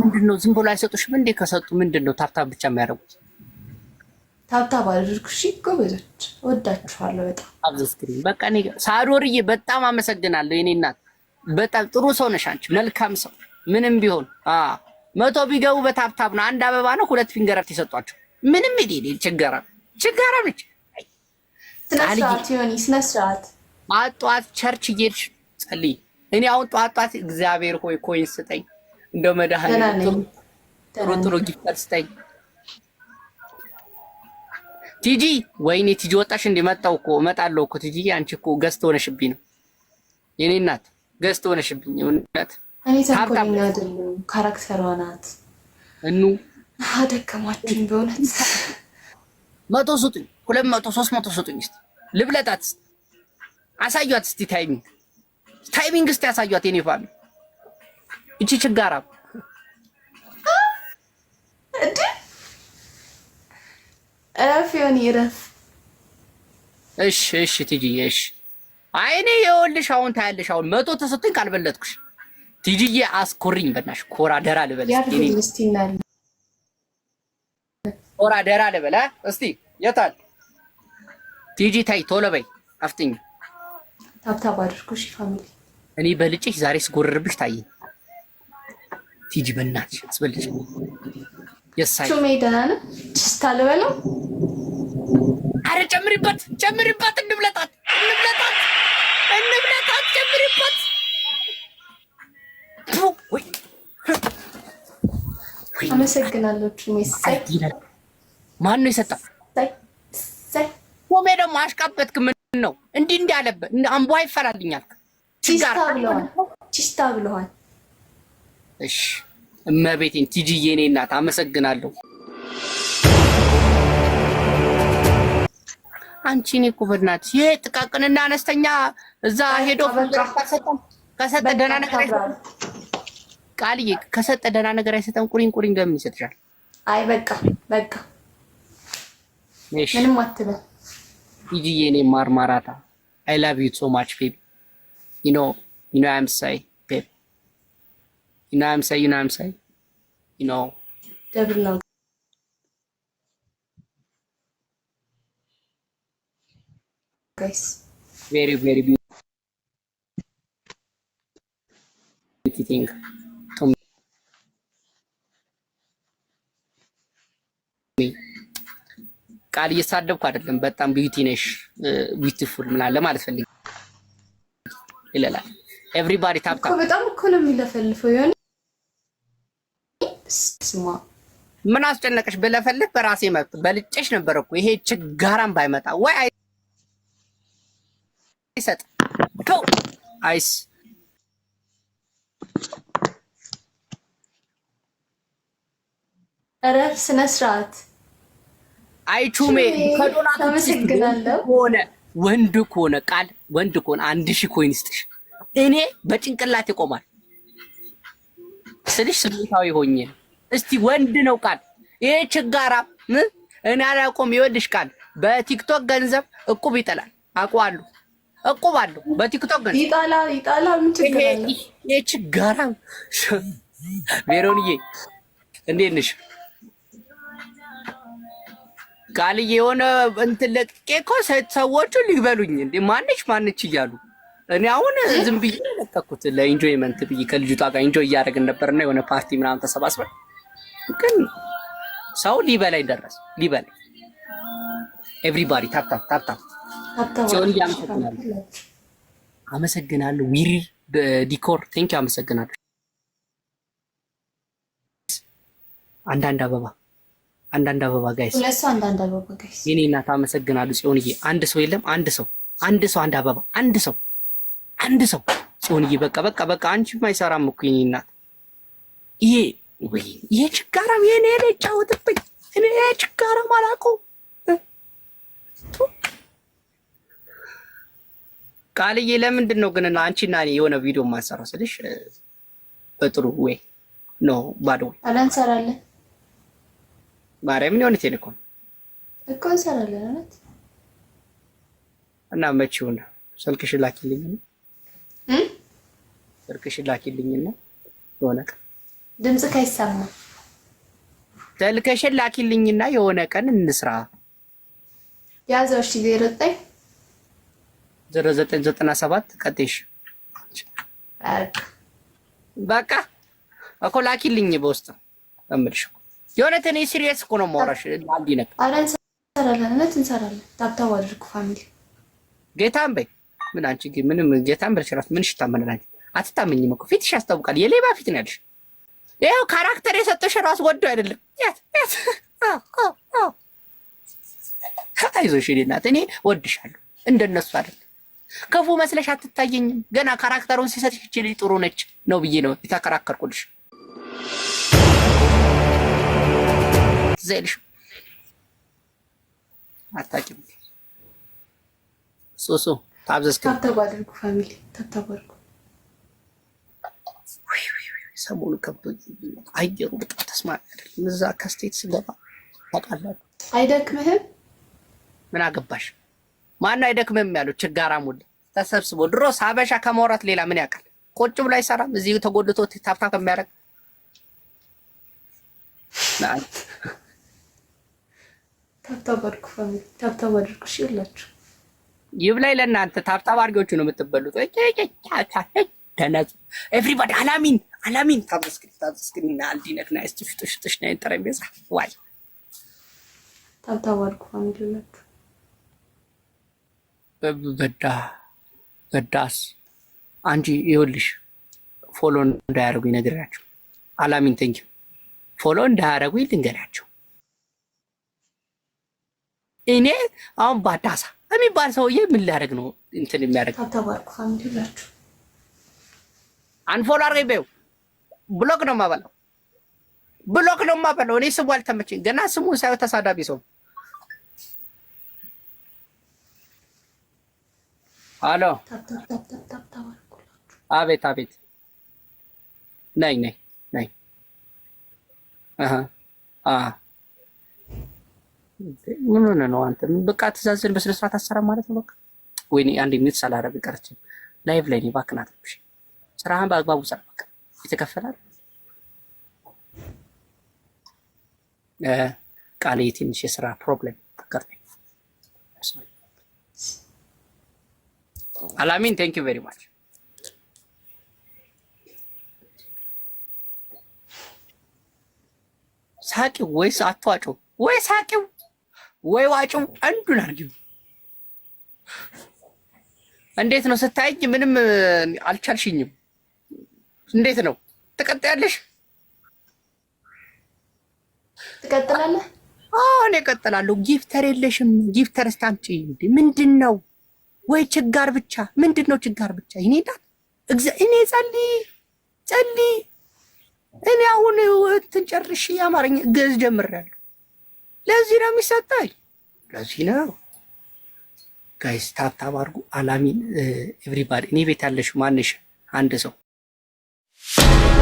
ምንድን ነው? ዝም ብሎ አይሰጡሽም እንዴ? ከሰጡ ምንድን ነው ታብታብ ብቻ የሚያደርጉት? ታብታብ አድርጉ። እሺ ጎበዞች፣ ወዳችኋለሁ በጣም አብዘስክሪን። በቃ እኔ ሳዶርዬ በጣም አመሰግናለሁ የኔ እናት። በጣም ጥሩ ሰው ነሽ አንቺ፣ መልካም ሰው ምንም ቢሆን። መቶ ቢገቡ በታብታብ ነው። አንድ አበባ ነው ሁለት ፊንገረፍት የሰጧቸው። ምንም ሄድ ሄድ ችጋራ ችጋራ ነች። ስነስርዓት ሆኒ ስነስርዓት ጠዋት ቸርች እየሄድሽ ጸልይ። እኔ አሁን ጠዋት ጠዋት እግዚአብሔር ሆይ ኮይን ስጠኝ እንደው መድኃኒዓለም ጥሩ ጥሩ ጊፍት ስጠኝ ቲጂ። ወይኔ ቲጂ ወጣሽ እንዲመጣው እኮ እመጣለሁ እኮ ቲጂ። አንቺ እኮ ገዝት ሆነሽብኝ ነው የኔ እናት፣ ገዝት ሆነሽብኝ እናት። እኔ ተንኮለኛ አይደለም ካራክተሯ ናት። እኑ አደከማችሁኝ በእውነት። መቶ ስጡኝ፣ ሁለት መቶ ሶስት መቶ ስጡኝ። እስኪ ልብለጣት፣ አሳዩት። እስኪ ታይሚንግ ታይሚንግ እስኪ አሳዩት የኔ ፋሚ እቺ ችጋራ እንዴ! እረፍ ይሁን ይረፍ። እሺ እሺ ቲጂዬ እሺ። አይ እኔ አሁን ታያለሽ። አሁን መቶ ተሰጥቶኝ ካልበለጥኩሽ አስኮሪኝ ኮራ ደራ ኮራ ደራ ልበል። እስቲ የታል ቲጂ? ታይ ቶሎ በይ አፍጥኝ። ታብታብ አድርጎሽ ፋሚሊ እኔ በልጭሽ ዛሬ ስጎርርብሽ ታየኝ ሂጂ በናች አስበልጭ። የሳይ ሹሜ ደህና ነው ችስታ ልበለው። አረ ጨምሪበት፣ ጨምሪበት፣ እንብለጣት፣ እንብለጣት፣ እንብለጣት፣ ጨምሪበት። አመሰግናለሁ። ሹሜ ሳይ ማን ነው የሰጣ? ሹሜ ደግሞ አሽቃበትክ። ምን ነው እንዲህ እንዲህ አለበት። አምቧ ይፈላልኛል። ችስታ ብለዋል። እሺ እመቤቴን ቲጂዬ ኔ እናት አመሰግናለሁ። አንቺ ኔ እኮ በእናትሽ ጥቃቅንና አነስተኛ እዛ ሄዶ ከሰጠ ደህና ነገር ቃልዬ ከሰጠ ደህና ነገር አይሰጠም። ቁሪን ቁሪን ለምን ይሰጥሻል? አይ በቃ በቃ ምንም አትበል ቲጂዬ ኔ ማርማራታ አይ ላቭ ዩ ሶ ማች ቤቢ ዩ ኖ ዩ ኖ አይ አም ሳይ ቤቢ ዩ ኖ አይ አም ሳይ ዩ ኖ አይ አም ሳይ you know, definitely. Guys, very very beautiful. Thing to me ቃል እየሳደብኩ አይደለም። በጣም ቢዩቲ ነሽ ቢዩቲፉል ምናለ ማለት ፈልግ ይለላል ኤቭሪባዲ ታብታ በጣም እኮ ነው የሚለፈልፈው ስሟ ምን አስጨነቀሽ? ብለፈልግ በራሴ መብት በልጬሽ ነበር እኮ ይሄ ችጋራም ባይመጣ ወይ አይሰጥ ተው አይስ ረፍ ስነ ስርዓት አይቹሜ ከዶናት ተመስግናለሁ። ሆነ ወንድ ከሆነ ቃል ወንድ ከሆነ አንድ ሺህ ኮይን ይስጥሽ። እኔ በጭንቅላት ይቆማል ስልሽ ስሜታዊ ሆኜ እስቲ ወንድ ነው ቃል ይሄ ችጋራ እኔ አላውቅም። ይወድሽ ቃል በቲክቶክ ገንዘብ እቁብ ይጠላል። አውቀዋለሁ፣ እቁብ አለው በቲክቶክ ገንዘብ ይጠላል፣ ይጠላል። ምን ችግር አለ? ይሄ ችጋራ ቬሮንዬ፣ እንዴት ነሽ? ቃልዬ የሆነ እንትን ለቅቄ እኮ ሰዎቹ ሊበሉኝ እንደ ማንች ማንች እያሉ እኔ አሁን ዝም ብዬ ለቀኩት ለኢንጆይመንት ብዬ ከልጅቷ ጋር ኢንጆይ እያደረግን ነበርና የሆነ ፓርቲ ምናምን ተሰባስበን ግን ሰው ሊበላይ ደረሰ። ሊበላይ ኤቭሪባዲ ታፕ ታፕ ሲሆን አመሰግናለሁ፣ አመሰግናለሁ። ዊሪ ዲኮር ቴንክ ዩ አመሰግናለሁ። አንዳንድ አበባ አንዳንድ አበባ ጋይስ ለሱ አንዳንድ አበባ ጋይስ የኔ እናት አመሰግናለሁ። ጽዮንዬ አንድ ሰው የለም አንድ ሰው አንድ ሰው አንድ አበባ አንድ ሰው አንድ ሰው ጽዮንዬ በቃ በቃ በቃ አንቺ ማይሰራም እኮ የኔ እናት ይሄ የችጋራም የኔ ነ ጫወትብኝ እኔ የችጋራም አላውቀውም። ቃልዬ ለምንድን ነው ግን አንቺ አንቺና የሆነ ቪዲዮ የማንሰራው ስልሽ በጥሩ ወይ ኖ ባዶ አላንሰራለን። ማርያምን የሆነ ቴሌኮም እኮ እንሰራለን እውነት። እና መቼውን ላኪልኝ ላኪልኝና ስልክሽን ላኪልኝና የሆነ ቀን ድምጽ ከይሰማ ተልከሽን ላኪልኝና የሆነ ቀን እንስራ። ያዘው እሺ። ዜሮ ዘጠኝ ዜሮ ዘጠኝ ዘጠና ሰባት ቀጤሽ በቃ እኮ ላኪልኝ በውስጥ እምልሽ እኔ ሲሪየስ እኮ ነው የማወራሽ። አንድ አረ እንሰራለን፣ እውነት እንሰራለን። አድርጉ ፋሚሊ ጌታም በይ ምን አንቺ ምንም ጌታም በልሽ እራሱ አትታመኝም እኮ ፊትሽ ያስታውቃል። የሌባ ፊት ነው ይኸው ካራክተር የሰጠሽ ራስ ወዶ አይደለም። አይዞሽ የእኔ እናት እኔ ወድሻለሁ። እንደነሱ አይደለም ክፉ መስለሽ አትታየኝም። ገና ካራክተሩን ሲሰጥሽ ችል ጥሩ ነች ነው ብዬ ነው የተከራከርኩልሽ። ዘልሽ አታውቂም ሶሶ ታብዘስከ ታተባደርጉ ፋሚሊ ታተባርኩ ሰሞኑ አየሩ በጣም ተስማሚ አይደለም። እዛ ከስቴት ስገባ ታውቃላችሁ። አይደክምህም? ምን አገባሽ? ማነው አይደክምህም ያለው? ችጋራ ሙላ ተሰብስቦ ድሮስ ሀበሻ ከማውራት ሌላ ምን ያውቃል? ቁጭ ብሎ አይሰራም። እዚህ ተጎልቶ ታፍታ ከሚያደርግ ታብታብ አድርጉ ይብላይ ለእናንተ ታብታብ አድርጊዎቹ ነው የምትበሉት። ኤቭሪባዲ አላሚን አላሚን ታመስግን ታመስግንና አልዲነክና እስቲ ፍጡሽ ፍጡሽ ናይ ጠረጴዛ ዋይ ታብታዋልኩ ፋሚሊላችሁ በዳ በዳስ አንቺ ይኸውልሽ ፎሎ እንዳያደርጉኝ ነገራቸው። አላሚን ተንኪ ፎሎ እንዳያደርጉኝ ልንገራቸው። እኔ አሁን ባዳሳ የሚባል ሰውዬ ምን ሊያደርግ ነው እንትን የሚያደርግ አንፎሎ አድርገኝ በይው ብሎክ ነው የማበላው፣ ብሎክ ነው የማበላው። እኔ ስሙ አልተመቸኝ ገና ስሙን ሳይሆን ተሳዳቢ ሰው አሎ፣ አቤት አቤት፣ ነይ ነይ ነይ። ምን ሆነህ ነው አንተ? በቃ ትእዛዝን በስነ ስርዓት አሰራም ማለት ነው። በቃ ወይ አንድ ሚት ሳላረግ ቀርችም ላይቭ ላይ እባክህ ናት። ስራህን በአግባቡ ሰራ። ይተከፈላል። ቃል ትንሽ የስራ ፕሮብሌም አጋጠመኝ። አላሚን ቴንክ ዩ ቬሪ ማች ሳቂው ወይስ አትዋጭው ወይ ሳቂው ወይ ዋጭው አንዱን አድርጊው። እንዴት ነው ስታይኝ? ምንም አልቻልሽኝም። እንዴት ነው ትቀጥያለሽ? ትቀጥላለህ? እኔ እቀጥላለሁ። ጊፍተር የለሽም? ጊፍተር ስታንቺ ምንድን ነው? ወይ ችጋር ብቻ ምንድን ነው? ችጋር ብቻ ይኔ ዳት እኔ ጸልይ ጸልይ እኔ አሁን እንትን ጨርሼ የአማርኛ ግዕዝ ጀምሬያለሁ። ለዚህ ነው የሚሰጣኝ። ለዚህ ነው ጋይስ ታብታብ አድርጉ። አላሚን ኤቭሪባዲ እኔ ቤት ያለሽ ማንሽ አንድ ሰው you